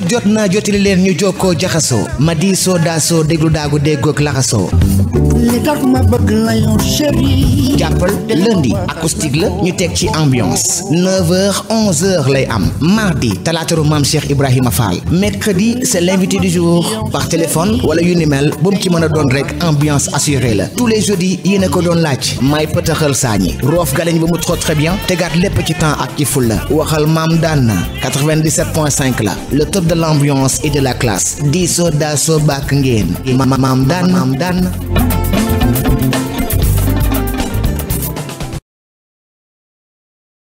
jot jot naa jotili leen ñu jokkoo jaxasoo ma di soo daasoo déglu daagu laxasoo li tax ma bëgg jàppal lundi acoustique la ñu teg ci ambiance 9h 11h lay am mardi talaataru maam Cheikh Ibrahima Fall mercredi c'est l'invité du jour par téléphone wala yu ni mel bu ci mën a doon rek ambiance assurée la tous les jeudis yéen ko doon laaj may pëtaxal saañi roof galeñ ba mu trop très bien tegaat lépp ci temps ak ci la waxal maam daan na 97.5 la le top de l'ambiance et de la classe di soo daa soo ngeen maam daan